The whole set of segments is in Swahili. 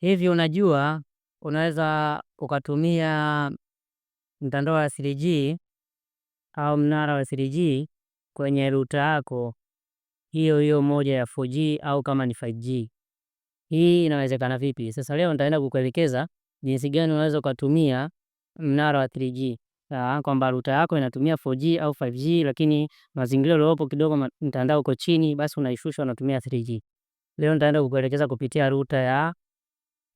Hivi unajua unaweza ukatumia mtandao wa 3G au mnara wa 3G kwenye ruta yako hiyo hiyo moja ya 4G au kama ni 5G. Hii inawezekana vipi? Sasa leo nitaenda kukuelekeza jinsi gani unaweza ukatumia mnara wa 3G ah, kwamba ruta yako inatumia 4G au 5G, lakini mazingira uliopo kidogo mtandao uko chini, basi unaishusha unatumia 3G. Leo nitaenda kukuelekeza kupitia ruta ya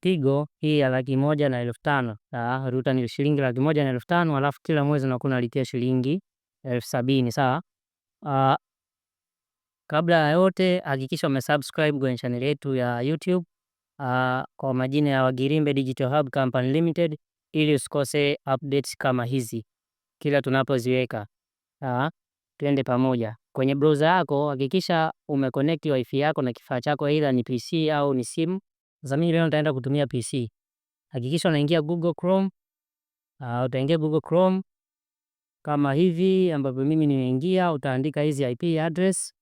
Tigo hii ya laki moja na elfu tano Ruta ah, ni shilingi laki moja na elfu tano alafu kila mwezi unakuwa unalipia shilingi elfu sabini sawa. Ah, kabla ya yote hakikisha umesubscribe kwenye channel yetu ya YouTube ah, kwa majina ya Wagirimbe Digital Hub Company Limited ili usikose updates kama hizi kila tunapoziweka. tuende pamoja. Kwenye browser yako hakikisha umeconnect wifi yako na kifaa chako, aidha ni PC au ni simu. Sasa mimi leo nitaenda kutumia PC. Hakikisha unaingia Google Chrome. Uh, utaingia Google Chrome kama hivi ambavyo mimi nimeingia, utaandika hizi IP address.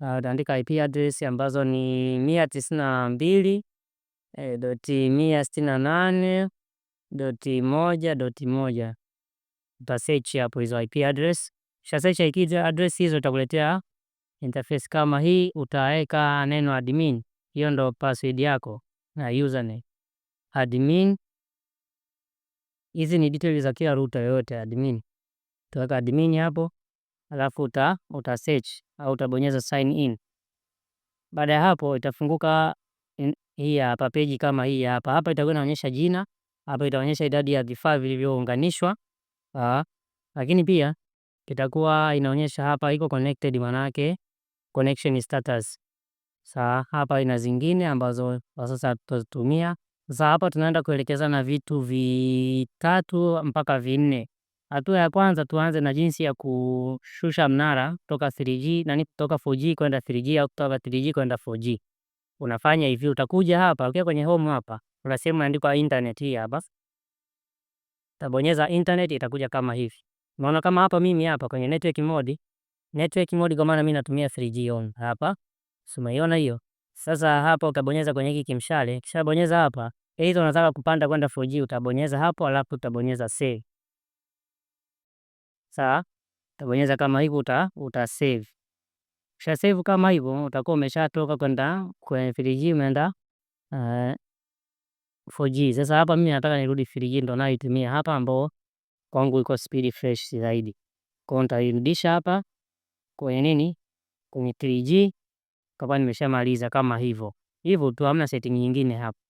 Uh, utaandika IP address ambazo ni 192.168.1.1. eh, doti mia Utasearch hapo hizo IP address. Ukishasearch IP address hizo itakuletea interface kama hii, utaweka neno admin. Hiyo ndo password yako na username. Admin, hizi ni details za kila router yoyote. Admin utaweka admin hapo, alafu uta, uta search au utabonyeza sign in. Baada ya hapo itafunguka hii hapa page kama hii hapa. Hapa itakuwa inaonyesha jina, hapa itaonyesha idadi ya vifaa vilivyounganishwa. Ah, lakini pia kitakuwa inaonyesha hapa iko connected, manake connection status. Sasa hapa ina zingine ambazo kwa sasa tutazitumia. Sasa hapa tunaenda kuelekezana vitu vitatu mpaka vinne. Hatua ya kwanza tuanze na jinsi ya kushusha mnara kutoka 3G na kutoka 4G kwenda 3G au kutoka 3G kwenda 4G. Unafanya hivi, utakuja hapa, ukiwa kwenye home hapa, kuna sehemu imeandikwa internet hii hapa. Utabonyeza internet itakuja kama hivi. Unaona kama hapa mimi hapa kwenye network mode, network mode kwa maana mimi natumia 3G on hapa. Sumeiona hiyo? Sasa hapa utabonyeza kwenye hiki kimshale, kisha bonyeza hapa. Aidha unataka kupanda kwenda 4G utabonyeza hapo, alafu utabonyeza save. Sawa? Utabonyeza kama hivyo uta, uta save. Kisha save kama hivyo utakuwa umeshatoka kwenda kwenye 3G umeenda uh, eh, 4G. Sasa hapa mimi nataka nirudi 3G ndo nayoitumia hapa ambao kwangu iko speed fresh zaidi. Kwa hiyo nitairudisha hapa kwenye nini? Kwenye 3G. Kama nimeshamaliza kama hivyo. Hivyo tu hamna setting nyingine hapa.